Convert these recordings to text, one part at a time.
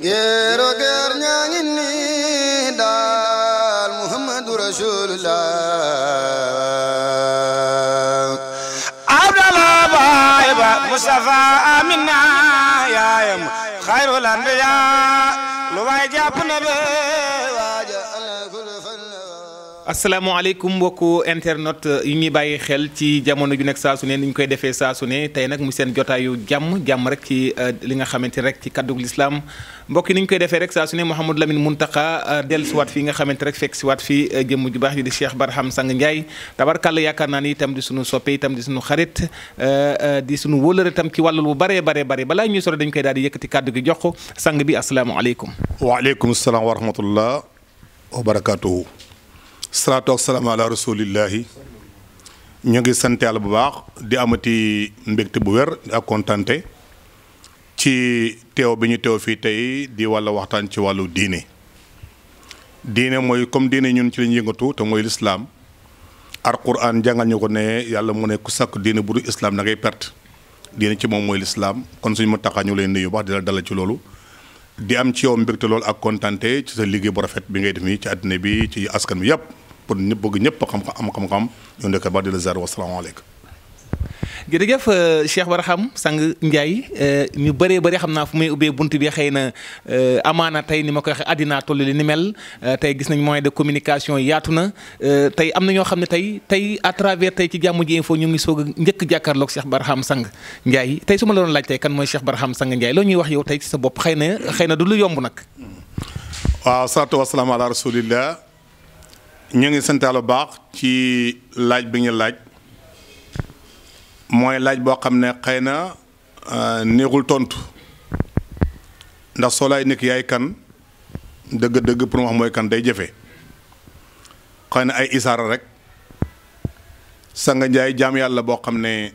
géero géer ñaa ngi nii daal muhammadu rasulullah abdala baay ba mustafa amina yaayam xayrul anbiya lu waay jàpp na bee asalaamaaleykum mbokku internet euh, yi ñu bàyyi xel ci jamono ju nekk saa su ni ñu koy defee saa su ne tey nag mu seen jotaayu jàmm jàmm rek ci euh, li nga xamante rek ci kàddug lislaam mbokk ni ñu koy defee rek saa su ne Mouhamadou Lamine Muntaka euh, dellusiwaat fii nga xamante rek fekk siwaat fii jëmm ju baax ji di Cheikh Barham Sang Ndiaye tabarkàlla yaakaar naa ni di sunu soppe di sunu xarit di sunu wóolër itam ci wàllu bu baree baree bare balaa ñuy sore dañ koy daal di yëkkati kàddu gi jox ko sang bi asalaamaaleykum. waaleykum salaam wa rahmatullah wa barakaatuhu. salaatu wassalaamu ala rasulillahi ñu ngi sant yàlla bu baax di amati mbégte bu wér ak kontante ci teew bi ñu teew fii tey di walla waxtaan ci wàllu diine diine mooy comme diine ñun ci lañu yëngatu te mooy lislaam alquran jàngal ñu ko ne yàlla mu ne ku sàkk diine bu du islaam da ngay perte diine ci moom mooy lislaam kon suñu mu taxaa ñu leen nuyu baax di la dala ci loolu di am ci yow mbégte loolu ak kontante ci sa liggéey bu rafet bi ngay def nii ci àddina bi ci askan bi yëpp kon ñëpp bëgg ñëpp xam am xam-xam ñoo nekk ba jërëjëf euh, Cheikh Barham Sang Ndiaye euh, ñu bëree bëri xam naa fu muy ubbee bunt bi xëy na euh, amaana tey ni ma koy waxee àddinaa li ni mel tey gis nañ moyen de communication yaatu na tey am na ñoo xam ne tey tey à travers tey ci jàmm ji info ñu ngi soog njëkk jàkkaarloog Cheikh Barham Sang Ndiaye tey su ma la doon laaj tey kan mooy Cheikh Barham Sang Ndiaye loo ñuy wax yow tey ci sa bopp xëy na xëy na du lu yomb nag. waaw salaatu wa salaam ala ñu ngi santalu baax ci laaj bi ñu laaj mooy laaj boo xam ne xëy na euh, néexul tontu ndax soo laay nekk yaay kan dëgg-dëgg pour mu wax mooy kan day jëfe xëy na ay isaara rek sanga njaay jaam yàlla boo xam ne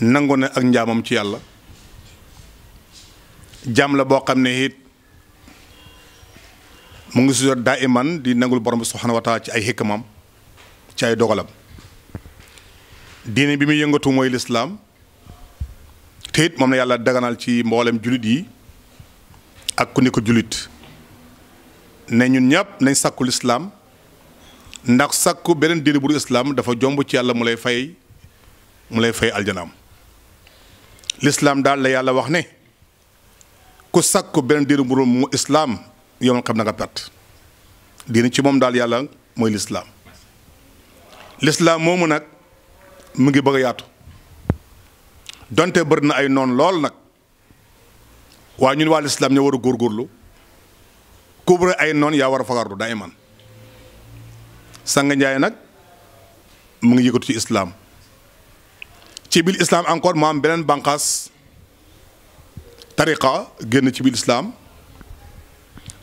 nangu na ak njaamam ci yàlla jaam la boo xam ne it mu ngi sujjoot daa iman di nangul borom bi subhanahu wa ci ay xikmam ci ay dogalam diine bi muy yëngatu mooy lislaam te moom la yàlla daganal ci mboolem julit yi ak ku ni ko julit ne ñun ñëpp nañ sàkku lislaam ndax sàkku beneen diine bu islaam dafa jomb ci yàlla mu lay fay mu lay fay aljanaam lislaam daal la yàlla wax ne ku sàkku beneen diine bu islaam yomal xam na nga perte diine ci moom daal yàlla mooy lislaam lislaam moomu nag mu ngi bëgg yaatu donte bëri na ay noonu lool nag waa ñun waa lislaam ñoo war góor góorlu ku ay noon yaa war a fagardu daa iman sang njaay nag mu ngi yëkkatu ci islaam ci biir islaam encore mu am beneen bànqaas tariqa génn ci biir islaam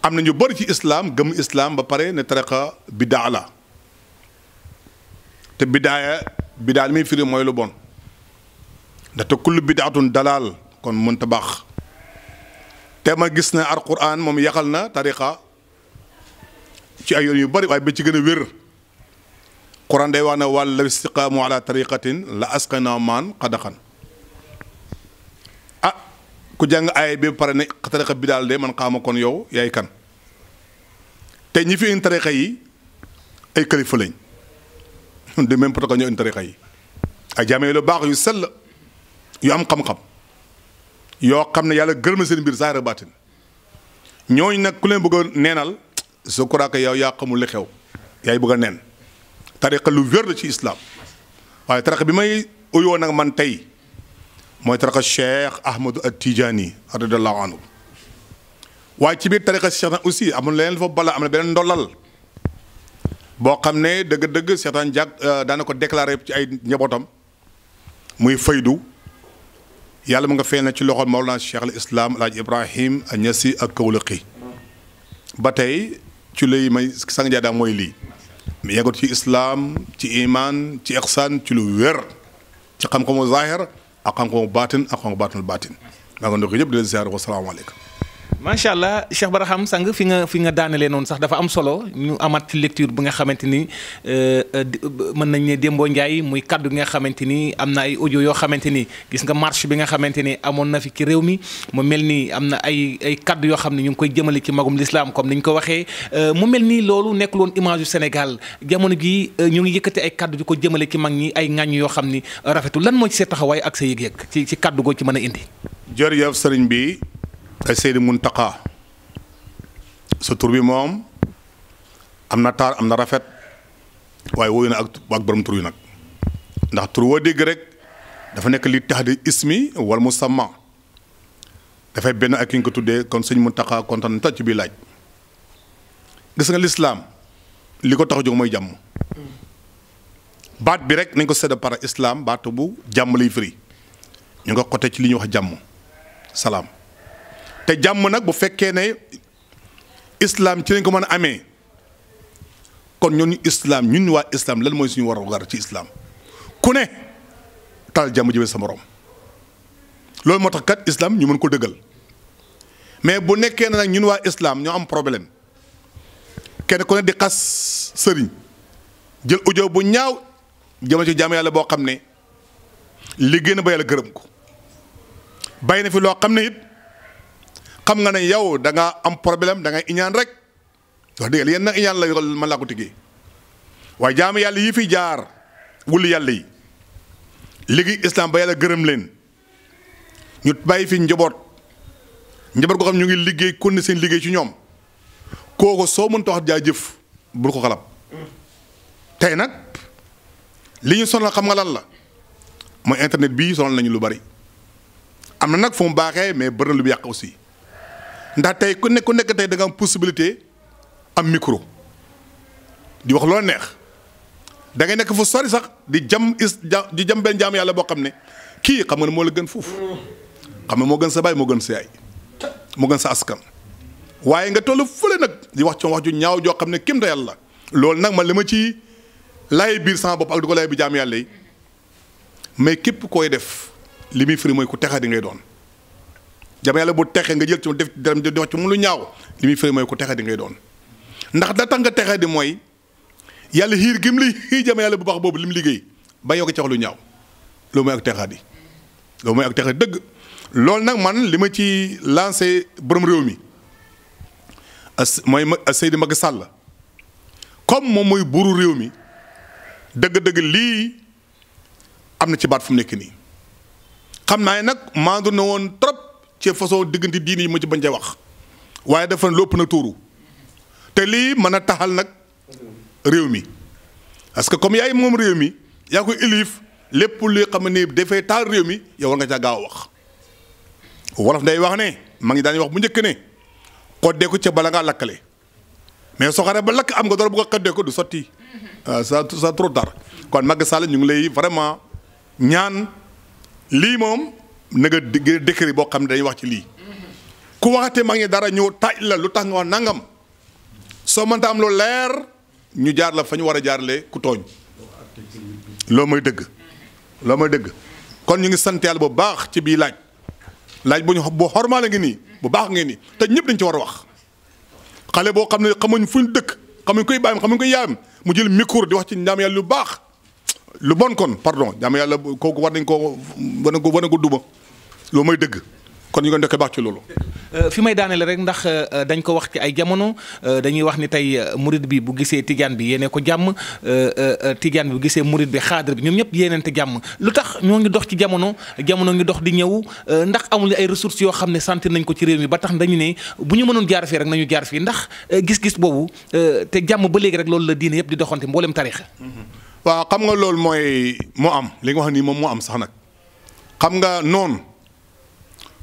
am na ñu bari ci islaam gëm islaam ba pare ne tariqa bidaa la te bidaaya bidaa li muy firi mooy lu bon ndaxte kullu bidaatun dalaal kon mënta baax te ma gis na alquran moom yaxal na tariqa ci ay yoon yu bëri waaye ba ci gën a wér quran day wax ne wàll la istiqaamu ala tariqatin la asqanaa maan qadaxan ku jàng aaya bi pare ne tarixa bi daal de man xaama kon yow yaay kan te ñi fi indi tarixa yi ay kalifa lañ de même protocole ñoo indi tarixa yi ay jaame yu baax yu sell yu am xam-xam yoo xam ne yàlla gërëm na seen mbir saara baatin ñooñu nag ku leen bëgg neenal su ko raaka yow yaa xamul li xew yaay bëgg a neen tarixa lu wér la ci islam waaye tarixa bi may uyoo nag man tey mooy tariqa cheikh Ahmadou At-Tidjani radiyallahu anhu waaye ci biir tariqa cheikh nag aussi amul leneen fa bala am na beneen ndollal boo xam ne dëgg-dëgg seetaan jàg euh, daana ko déclaré ci ay njabootam muy faydu yàlla mu nga feeñ na ci loxo Mawlana Cheikh al Islam Alhaji Ibrahim a ñasi ak Kawlaqi ba tey ci lay may sang jaadaa mooy lii mu yeggut ci islaam ci iman ci ixsaan ci lu wér ci xam-xamu zaahir ak xam-xamu baatin ak xam-xamu baatinul baatin maa ngi leen di nuyu macha allah Cheikh Baraham sang fi nga fi nga daanelee noonu sax dafa am solo ñu amaat ci lecture bi nga xamante ni euh, euh, euh, mën nañ ne Dembo Ndiaye muy kàddu gi nga xamante ni am na ay ojo yoo xamante ni gis nga marche bi nga xamante ni amoon na fi ci réew mi mu mel ni am na ay ay kaddu yoo xam ne ñu ngi koy jëmale ci magum lislaam comme ni ñu ko waxee mu mel ni loolu nekkul woon image yu Sénégal jamono gi ñu ngi yëkkati ay kàddu di ko jëmale ci mag ñi ay ŋàññ yoo xam ni rafetul lan moo ci sa taxawaay ak sa yëg-yëg ci ci kaddu goo ci mën a indi. jërëjëf sëriñ bi. ay Seydi Muntaqa sa tur bi moom am na taar am na rafet waaye woyu na ak ak tur yi nag ndax tur woo dégg rek dafa nekk li tax di ismi wal musamma dafay benn ak ki nga ko tuddee kon sëñ Muntaqa kontaan toj ci bi laaj gis nga lislaam li ko tax jóg mooy jàmm baat bi rek nañ ko sedda para islaam baatu bu jàmm lay firi ñu nga xote ci li ñuy wax jàmm salaam te jàmm nag bu fekkee ne islaam ci lañ ko mën a amee kon ñooñu islam ñun waa islam lan mooy suñu war a gar ci islaam ku ne taal jàmm jëmee sa moroom loolu moo tax kat islaam ñu mën ko dëggal mais bu nekkee ne nag ñun waa islaam ñoo am problème kenn ku ne di xas sëriñ jël audio bu ñaaw jëma ci jàmm yàlla boo xam ne liggéey na ba yàlla gërëm ko bàyyi na fi loo xam ne it. xam nga ne yow danga am problème dangay ngay iñaan rek wax dëgg yenn nag iñaan la yoral ma laa ko tiggee waaye jaamu yàlla yi fi jaar wul yàlla yi liggéey islam ba yàlla gërëm leen ñu bàyyi fi njaboot njaboot goo xam ñu ngi liggéey kon seen liggéey ci ñoom kooku soo mënta wax jaajëf bul ko xalab tey nag li ñu sonal xam nga lan la mooy internet bii sonal nañu lu bari am na nag fu mu baaxee mais bëri na lu yàq aussi. ndax tey ku nekk ku nekk tey da nga am possibilité am micro di wax loo neex da nekk fu sori sax di jam is di jam benn jaam yàlla boo xam ne kii xam nga ne moo la gën foofu xam moo gën sa baay moo gën sa yaay moo gën sa askan. waaye nga toll fële nag di wax ci wax ju ñaaw joo xam ne kim da yàlla loolu nag ma li ma ci laay biir sama bopp ak du ko laay bi jaam yàlla yi mais képp koy def li muy firi mooy ku texee di ngay doon. jam yàlla bu texe nga jël ci def dara di wax lu ñaaw li muy firi mooy ku texe di ngay doon ndax da tax nga texe di mooy yàlla xiir gi mu la xiir jam yàlla bu baax boobu li mu liggéey ba yow ko ci wax lu ñaaw loolu mooy ak texe di loolu mooy ak texe dëgg loolu nag man li ma ci lancé borom réew mi as mooy ma Seydou Macky Sall comme moom mooy buuru réew mi dëgg-dëgg lii am na ci baat fu mu nekk nii xam naa nag maandu na woon trop. ci façon diggante diine yi ma ci bañ cee wax waaye dafa lépp na tuuru te lii mën a taxal nag réew mi parce que comme yaay moom réew mi yaa ko ilif lépp luy xam ne dafay taal réew mi yow war nga caa gaaw a wax wolof nday wax ne ma ngi daan wax bu njëkk ne ko ca bala ngaa lakkale mais soo xaree ba lakk am nga door bu ko du sotti waaw euh, ça ça trop tard kon Macky Sall ñu ngi lay vraiment ñaan lii moom. na nga décret boo xam ne dañuy wax ci lii ku waxatee mag ñi dara ñëw taaj la lu tax nga wax nangam soo mënta am lu leer ñu jaar la fa ñu war a jaarlee ku tooñ loo mooy dëgg loo mooy dëgg kon ñu ngi sant yàlla bu baax ci bii laaj laaj bu ñu bu xormaale ngi nii bu baax ngeen nii te ñëpp dañ ci war a wax xale boo xam ne xamuñ fuñ dëkk xamuñ koy bàyyam xamuñ koy yaayam mu jël micro di wax ci njaam yàlla lu baax lu bon kon pardon njaam yàlla kooku war nañ koo war nañ ko war nañ ko duma loolu mooy dëgg kon ñu ngi doon baax ci loolu. Euh, fi may daaneel rek ndax euh, dañ ko wax ci ay jamono euh, dañuy wax ni tey murid bi bu gisee tijaan bi yéene ko jàmm tijaan bi bu gisee murid bi xaadir bi ñoom ñëpp yéeneente jàmm lu tax ñoo ngi dox ci jamono jamono ngi dox di ñëw ndax amul ay ressources yoo xam ne sentir nañ ko ci réew mi ba tax dañu ne bu ñu mënoon jaar fii rek nañu jaar fii ndax gis-gis boobu te jàmm ba léegi rek loolu la diine yëpp di doxante mboolem tarix waaw xam nga loolu mooy moo am li wax nii moom moo am sax nag xam nga noonu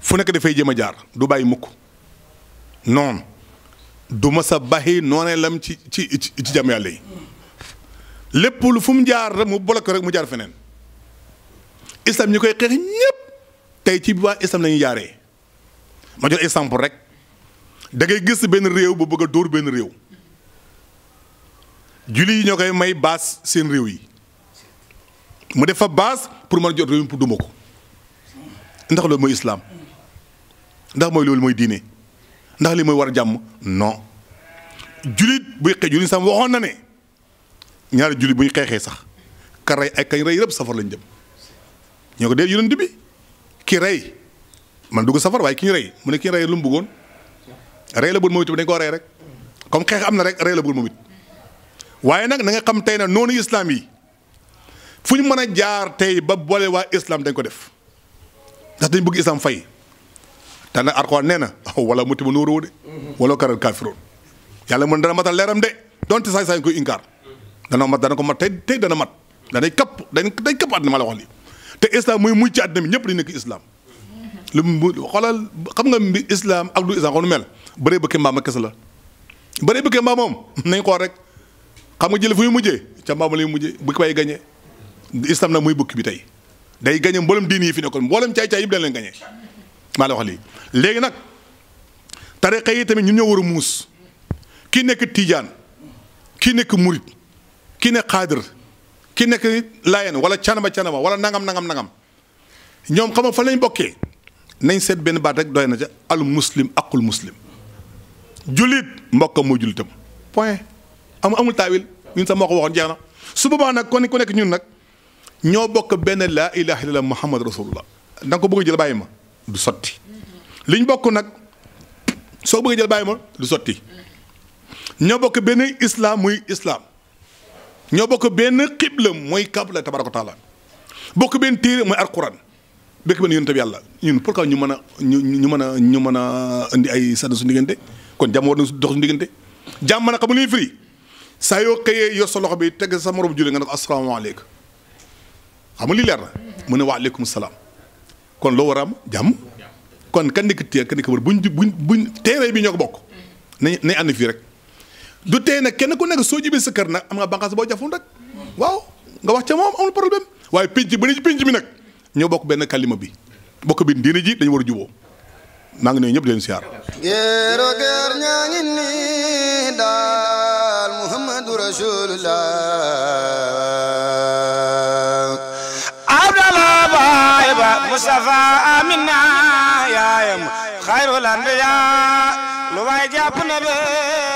fu nekk dafay jéem a jaar du bàyyi mukk noonu du ma sa baxi noonee lam ci ci ci jam yàlla yi lépp lu fu mu jaar rek mu bloqué rek mu jaar feneen islam ñi koy xeex ñépp tey ci waa islam lañuy jaaree ma jox exemple rek da ngay gis benn réew bu bëgg a dóor benn réew julli yi ñoo koy may baas seen réew yi mu def fa baas pour man jot réew mi pour duma ko ndax loolu islaam ndax mooy loolu mooy diine ndax li mooy war jàmm non julit buy xeex julit sam ne ñaari julit bu ñu xeexee sax ka rey ay kañ rey yëpp safar lañ jëm ñoo ko dee yonent bi ki rey man dugg safar waaye ki ñu rey mu ne ki ñu rey lu mu bëggoon rey la bëgg moom it dañ koo rey rek comme xeex am na rek rey la bëgg moom it waaye nag na xam tey na noonu islam yi fu ñu mën a jaar tey ba boole waa islam dañ ko def ndax dañ bëgg islam fay te nag Alxuraan nee na wala mu tibb nuuru de. wala karal kaafiroon yàlla mën dana matal leeram de donte saay saay koy inkaar dana mat dana ko mat tey tey dana mat danay kapp dañ day kapp àddina ma la wax lii te islam muy mucc ci àddina bi ñëpp dañu nekk islam. lu mu xoolal xam nga mbi islam ak du islam xam nu mel bëree bëkkee mbaam kese la bëree bëkkee mbaam moom nañ xool rek xam nga jël fu muy mujjee ca mbaam lay mujjee bu bay gañee islam nag muy bukki bi tey day gañe mboolem diin yi fi nekkoon mboolem caay-caay yëpp maa la wax lii léegi nag tariqa yi tamit ñun ñoo war a muus kii nekk tiijaan kii nekk murit kii nekk xaadir kii nekk layen wala canama canama wala nangam nangam nangam ñoom xam nga fa lañ bokkee nañ seet benn baat rek doy na ca al akkul aqul muslim jullit mbokkam mooy jullitam point amul amul taawil ñun sax moo ko waxoon jeex na su boobaa nag kon ku nekk ñun nag ñoo bokk benn laa ilaha illallah muhammad rasulullah da nga ko bëgg jël bàyyi ma du sotti liñ bokk nag soo bëggee jël bàyyi ma du sotti ñoo bokk benn islaam muy islam ñoo bokk benn xibla mooy kabla tabaraka taala bokk benn téere mooy alquran bekk benn yonent bi yàlla ñun pourquoi ñu mën a ñu ñu mën a ñu mën a indi ay sànni suñu kon jàmm war na dox suñu diggante jàmm mën a xamu luy firi saa yoo xëyee yor loxo bi teg sa morom julli nga ne ko asalaamaaleykum xam nga lii leer na mu ne waaleykum salaam kon loo war a am jàmm kon kan nekk téye bu nekk bër buñ buñ buñ terrain bi ñoo ko bokk nañ nañ ànd fii rek du tey kenn ku nekk soo jibee sa kër nag am nga bànqaas boo jafoon rek waaw nga wax ca moom amul problème waaye pénc ba ne ci pénc bi nag ñoo bokk benn kalima bi bokk bi diine ji dañu war a juboo maa ngi nuyu ñëpp di leen siyaar géero géer ñaa Mustafa amina yaayam xayrul anbiya lu waay jàpp na be